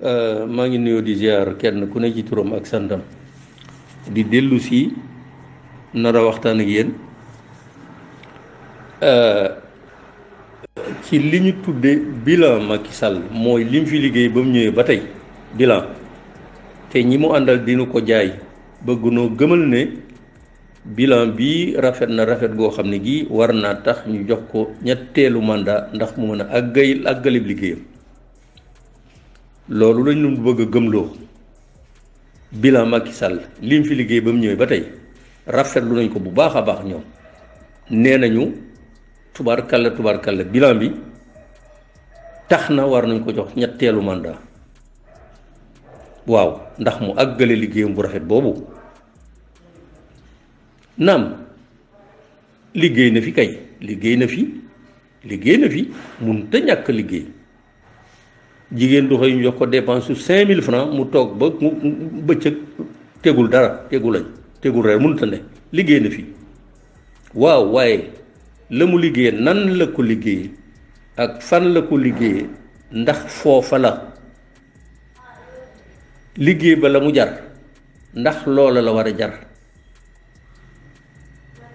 Euh, maa ngi nuyoo di ziar kenn ku ne ci turam ak santam di dellu si nar a waxtaan ak yéen euh, ci li ñu tudde bilan Macky Sall mooy li mu fi liggéey ba mu ñëwee ba tey bilan te ñi mu àndal dina ko jaay bëgg noo gëmal ne bilan bi rafet na rafet goo xam ne gii war naa tax ñu jox ko ñetteelu mandat ndax mu mën a àggal àggalib liggéeyam loolu lañ nu bëgg a gëmloo bilan Macky Sall li mu fi liggéey ba mu ñëwee ba tey rafetlu nañ ko bu baax a baax ñoom nee nañu tubaarkalla tubaarkalla bilan bi tax na war nañ ko jox ñetteelu mandat waaw ndax mu àggale liggéeyam bu rafet boobu naam liggéey na fi kay liggéey na fi liggéey na fi mun te ñàkk liggéey jigéen du xëy ñu jox ko dépense su 5000 francs mu toog ba mu bëccëg tegul dara tegul añ tegul reer mënut a liggéey na fi waaw waaye la mu liggéey nan la ko liggéey ak fan la ko liggéey ndax foofa la liggéey ba la mu jar ndax loola la war a jar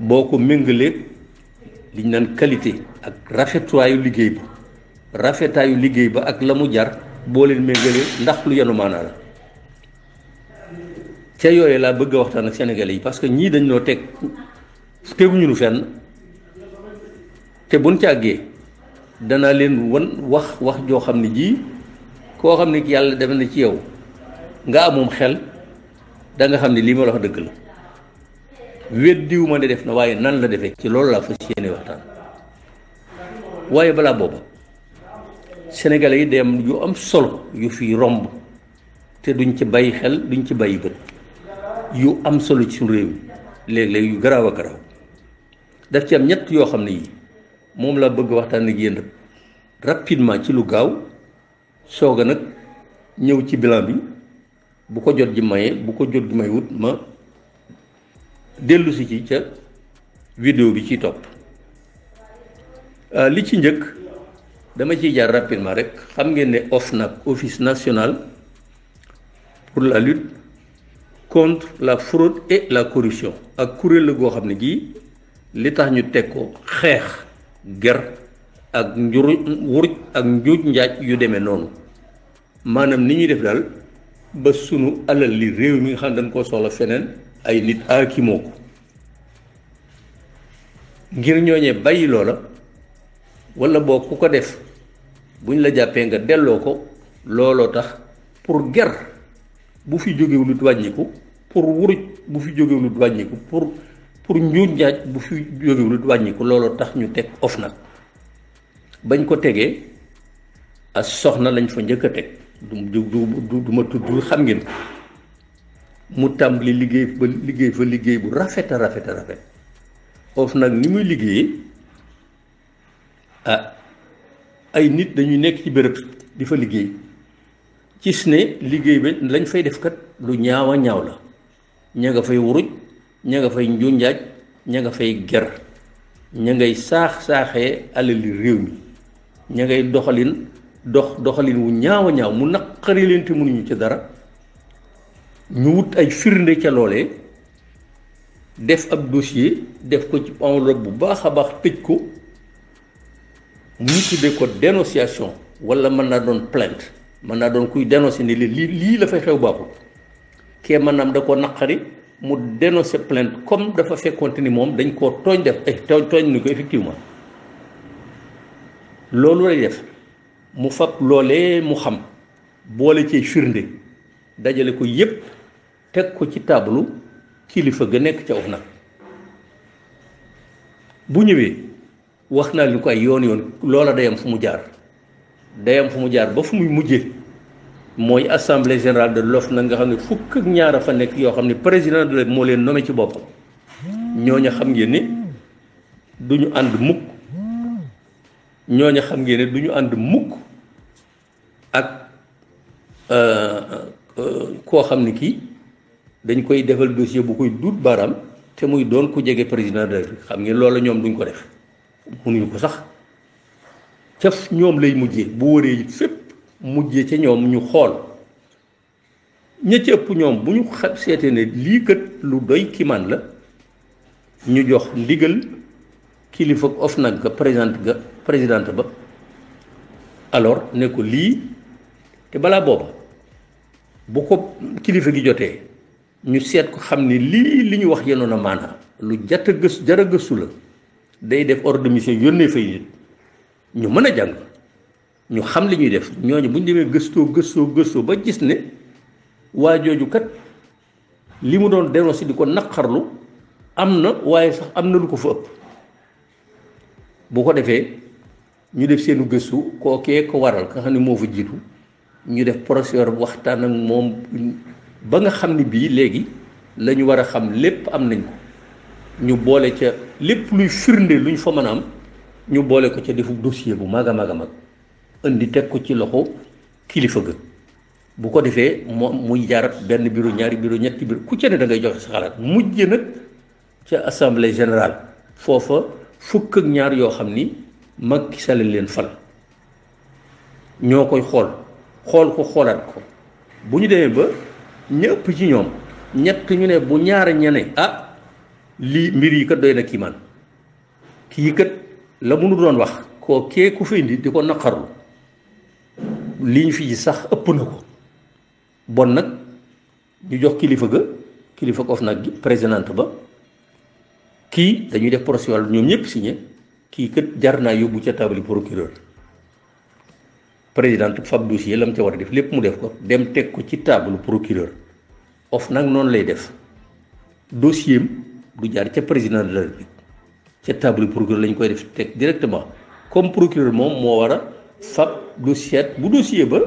boo ko méngalee liñ naan qualité ak rafetuwaayu liggéey bi rafetaayu liggéey ba ak la mu jar boo leen méngalee ndax lu yenu maanaa la ca yooyu laa bëgg a waxtaan ak sénégalais yi parce que ñii dañ noo teg teguñu nu fenn te buñ ci àggee danaa leen wan wax wax joo xam ne jii koo xam ne yàlla def na ci yow nga amum xel danga xam ne lii ma la wax dëgg la weddiwu ma ne def na waaye nan la defee ci loolu laa fas yéene waxtaan waaye balaa booba sénégalais yi dem yu am solo yu fi romb te duñ ci bàyyi xel duñ ci bàyyi bët yu am solo ci suñu réew mi léeg-léeg yu garaaw a garaaw daf ci am ñett yoo xam ne yi moom laa bëgg waxtaan ak yéen rapidement ci lu gaaw soog a nag ñëw ci bilan bi bu ko jot ji maye bu ko jot ji may wut ma dellusi ci ca vidéo bi ci topp euh, li ci njëkk dama ciy jaar rapidement rek xam ngeen ne OFNAC office national pour la lutte contre la fraude et la corruption ak kuréel la goo xam ne gii li tax ñu teg ko xeex ger ak njur wuruj ak njuuj njaaj yu demee noonu maanaam ni ñuy def daal ba sunu alal li réew mi nga xam dañ koo soxla feneen ay nit aakimoo ko ngir ñooñee bàyyi loola wala boo ku ko def bu ñu la jàppee nga delloo ko looloo tax pour ger bu fi jógewulut wàññiku pour wuruj bu fi jógewulut wàññiku pour pour njuuj njaaj bu fi jógewulut wàññiku looloo tax ñu teg of nag bañ ko tegee as soxna lañ fa njëkk a teg du du du ma tuddul xam ngeen mu tàmbali liggéey liggéey fa liggéey bu rafet a rafet a rafet of nag ni muy liggéeyee ah, ay nit dañuy nekk ci bërëb di fa liggéey gis ne liggéey ba lañ fay def kat lu ñaawa ñaaw la ña nga fay wuruj ña nga fay njunjaaj ña nga fay ger ña ngay saax saaxee alali réew mi ña ngay doxalin dox doxalin wu ñaawa ñaaw mu naqari leen te mënuñu ci dara ñu wut ay firnde ca loolee def ab dossier def ko ci enveloppe bu baax a baax tëj ko ñu tuddee ko dénonciation wala mën naa doon plainte mën naa doon kuy dénoncé ni lii lii la fay xew baaxul kee maanaam da koo naqari mu dénoncé plainte comme dafa fekkonte ni moom dañ koo tooñ def eh, tooñ tooñ ni ko effectivement loolu lay def mu fab loolee mu xam boole ci firnde dajale ko yépp teg ko ci taabalu kilifa gi nekk ca of nag bu ñëwee wax naa leen ko ay yoon yoon loola day am fu mu jaar day am fu mu jaar ba fu muy mujjee mooy assemblée générale de l'OFNAC na nga xam ne fukk ak ñaar a fa nekk yoo xam ne président de la moo leen nommé ci boppam ñooñu xam ngeen ni du ñu ànd mukk ñooñu xam ne du ñu mukk ak euh, euh, koo xam ne kii dañ koy defal dossier bu koy duut baaraam te muy doon ku jege président de la xam ngeen loola ñoom duñ ko def. munuñu ko sax ca ñoom lay mujjee bu wëree fépp mujjee ca ñoom ñu xool ña ëpp ñoom bu ñu xa seetee ne lii kat lu doy kimaan la ñu jox ndigal kilifa OFNAC ga président ba alors ne ko lii te balaa booba bu ko kilifa gi jotee ñu seet ko xam ne lii li ñu wax yenoon a maanaa lu jata gës jara gëstu la day def ordre de mission yónnee fay nit ñu mën a jàng ñu xam li ñuy def ñooñu bu ñu demee gëstoo gëstoo gëstoo ba gis ne waa jooju kat li mu doon dénoncé di ko naqarlu am na waaye sax am na lu ko fa ëpp bu ko defee ñu def seenu gëstu kookee ko waral nga xam ne moo fa jiitu ñu def procédure waxtaan ak moom ba nga xam ni bii léegi lañu war a xam lépp am nañ ko ñu boole ca lépp luy firnde luñ fa mën a am ñu boole ko ca defu dossier bu mag a mag a mag indi teg ko ci loxo kilifa ga bu ko defee moom muy jaarat benn bureau ñaari bureau ñetti bureau ku ca ne da joxe sa xalaat mujj nag ca assemblée général foofa fukk ak ñaar yoo xam ni mag Sall leen fal ñoo koy xool xool ko xoolaat ko bu ñu demee ba ñëpp ci ñoom ñett ñu ne bu ñaar ña ne ah. lii mbir yi kat doy na kiimaan kii kat la mu nu doon wax ku fi indi di ko naqarlu li ñu fi ji sax ëpp na ko bon kili ñu jox kilifa ga kilifa ko of nag ba kii dañuy def procédural ñoom ñëpp signé kii kat jar naa yóbbu ca procureur présidente fab dossier lam ca war a def lépp mu def ko dem teg ko ci table procureur of nag non lay def dossier du jaar ca président de la République ca table procureur lañ koy def teg directement comme procureur moom moo war a fab dossier bu dossier ba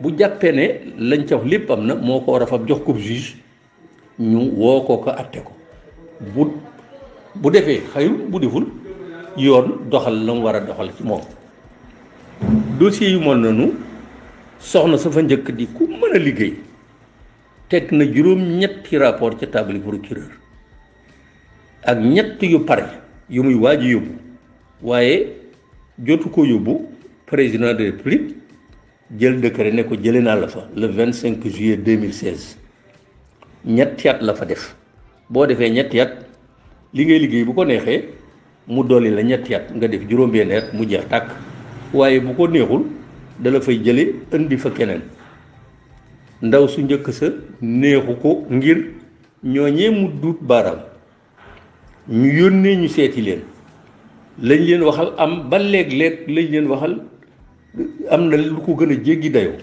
bu jàppee ne lañ ca wax lépp am na moo ko war a fab jox ko juge ñu woo ko ko atte ko bu bu defee xayul bu deful yoon doxal la war a doxal ci moom dossier yu mel noonu soxna sa fa njëkk di ku mën a liggéey teg na juróom ñetti rapport ca table procureur ak ñett yu pare yu muy waaj yóbbu waaye jotu ko yóbbu président de plus jël décret ne ko jëlee naa la fa le vingt cinq juillet deux mille seize ñetti at la fa def boo defee ñetti at li ngay liggéey bu ko neexee mu dolli la ñetti at nga def juróom-benn at mu jeex tàkk waaye bu ko neexul dala fay jële indi fa keneen ndaw su njëkk sa neexu ko ngir ñooñee mu duut baaraam ñu yónnee ñu seeti leen lañ leen waxal am ba léeg-léeg lañ leen waxal am na lu ko gën a jéggi dayoo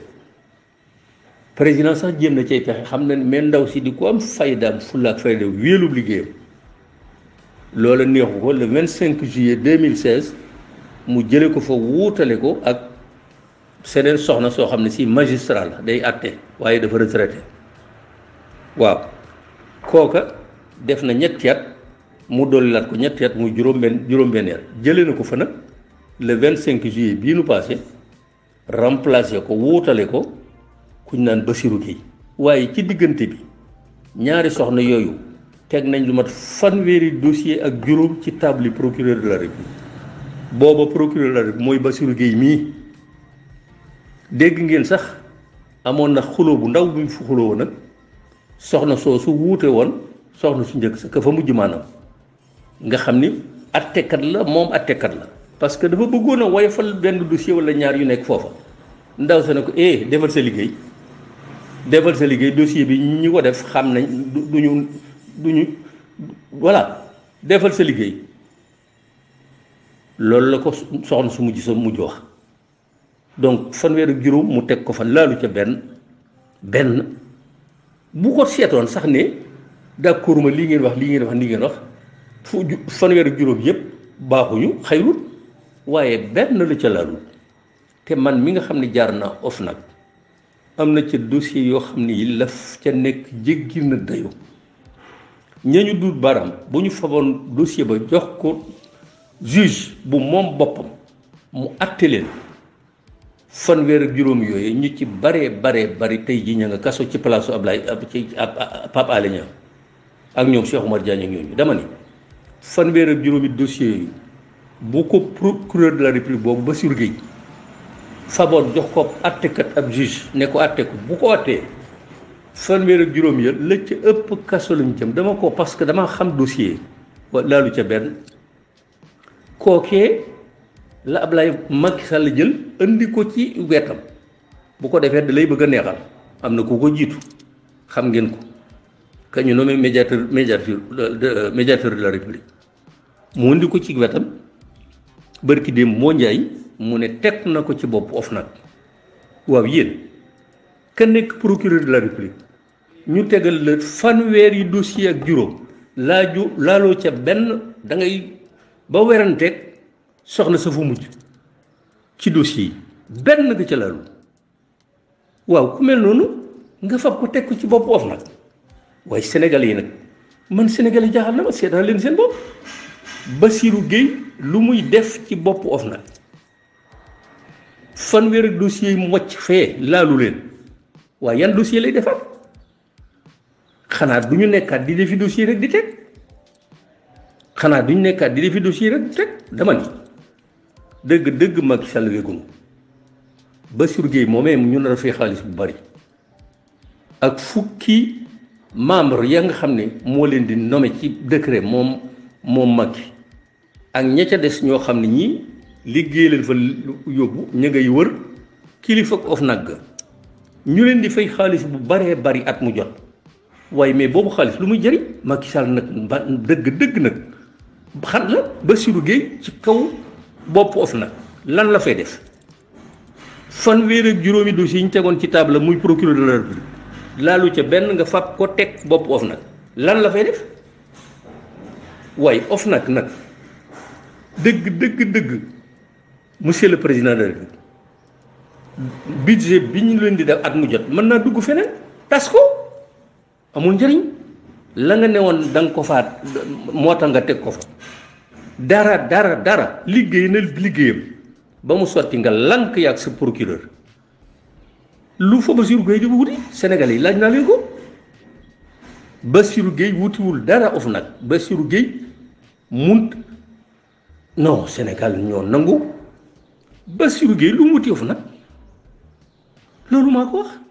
président sax jéem na cay pexe xam na ne mais ndaw si di ko am faydaam fulaak fayda wéelub liggéeyam loola neexu ko le 25 juillet 2016 mu jële ko fa wuutale ko ak seneen soxna soo xam ne si magistrat la day àtte waaye dafa retraité waaw kooka def na ñetti at mu dolli laat ko ñetti at muy juróom-benn juróom-benn at jëlee na ko fa nag vingt 25 juillet bii nu passé remplacé ko wuutale ko kuñ naan basiru Guèye waaye ci diggante bi ñaari soxna yooyu teg nañ lu mat fanweeri dossier ak juróom ci table procureur de la République booba procureur de la République mooy basiru Guèye mii dégg ngeen sax amoon na xuloo bu ndaw bu mu fi xuloo nag soxna soosu wuute woon soxna su njëkk sa ka fa mujj maanaam nga xam ni attekat la moom attekat la parce que dafa bëggoon a woyofal benn dossier wala ñaar yu nekk foofa ndaw sa ne ko eh defal sa liggéey defal sa liggéey dossier bi ñu ko def xam nañ du duñu du ñu defal sa liggéey loolu la ko soxna su mujj sa mujj wax donc fanweer ak juróom mu teg ko fan laalu ca benn benn bu ko seetoon sax ne d'accord ma lii ngeen wax li ngeen wax lii ngeen wax fu fanweeri juróom yëpp baaxuñu xayrut waaye benn la ca laalul te man mi nga xam ne jaar naa of nag am na ca dossier yoo xam ne yi laf ca nekk jéggi na dayo ñañu duut baram bu ñu faboon dossier ba jox ko juge bu moom boppam mu àtte leen fanweer juróom yooyu ñu ci bare baree bari tey ji ña nga kaso ci palaasu Ablaye ci Pape Alé Niang ak ñoom Cheikh Oumar Diagne ak ñooñu dama ni fanweer ak juróomi dossier yi bu ko procureur de la république boobu Bassirou Guèye faboon jox ko attekat ab juge ne ko atte ko bu ko attee fanweer ak juróom ya la ca ëpp kaso lañ jëm dama ko parce que dama xam dossier laalu ca benn kookee la Ablaye Macky jël andi ko ci wetam bu ko defee da lay bëgg a neexal am na ku ko jiitu xam ngeen ko kañu nommé médiateur médiateur médiateur de la république mu indi ko ci wetam bërki démb moo njaay mu ne teg na ko ci bopp OFNAC waaw yéen ka nekk procureur de la république ñu tegal la fanweeri dossier ak juróom laaju laaloo ca benn dangay ngay ba weranteeg soxna sa fu mujj ci dossier yi benn nga ca laalu waaw ku mel noonu nga fab ko teg ko ci bopp OFNAC waaye sénégalais yi nag man sénégalais jaaxal na ma seetaan leen seen bopp Bassirou Gueye lu muy def ci boppu OFNAC fanweeri dossier yi mu wacc fee laalu leen waaye yan dossier lay defaat xanaat du ñu nekkaat di defi dossier rek di teg nekkaat di defi dossier rek dama ni dëgg dëgg Macky Sall wégunu Bassirou Gueye moomee ñu nar a fay xaalis bu bari ak fukki membre ya nga xam ne moo leen di nome ci décret moom moom Macky ak ña ca des ñoo xam ne ñii liggéey leen fa yóbbu ña ngay wër kilifa of nag ñu leen di fay xaalis bu baree bari at mu jot waaye mais boobu xaalis lu muy jëriñ Macky Sall nag ba dëgg dëgg nag xat la Bassirou Guèye ci kaw bopp of lan la fay def fanweer ak juróomi dossier yi ñu tegoon ci table muy procureur laalu ca benn nga fab ko teg bopp of nag lan la fay def waaye of nag nag dëgg dëgg dëgg monsieur le président de la bi ñu leen di def at mu jot mën naa dugg feneen tas ko amul njëriñ la nga ne woon da nga ko faat moo tax nga teg ko fa dara dara dara liggéey na liggéeyam ba mu sotti nga lank yaag sa procureur lu fa Bassirou Gueye di wuti Sénégal yi laaj naa leen ko Bassirou Gueye wutiwul dara of nag Bassirou Gueye munt non Sénégal ñoo nangu Bassirou Gueye lu mu motif nag loolu maa wax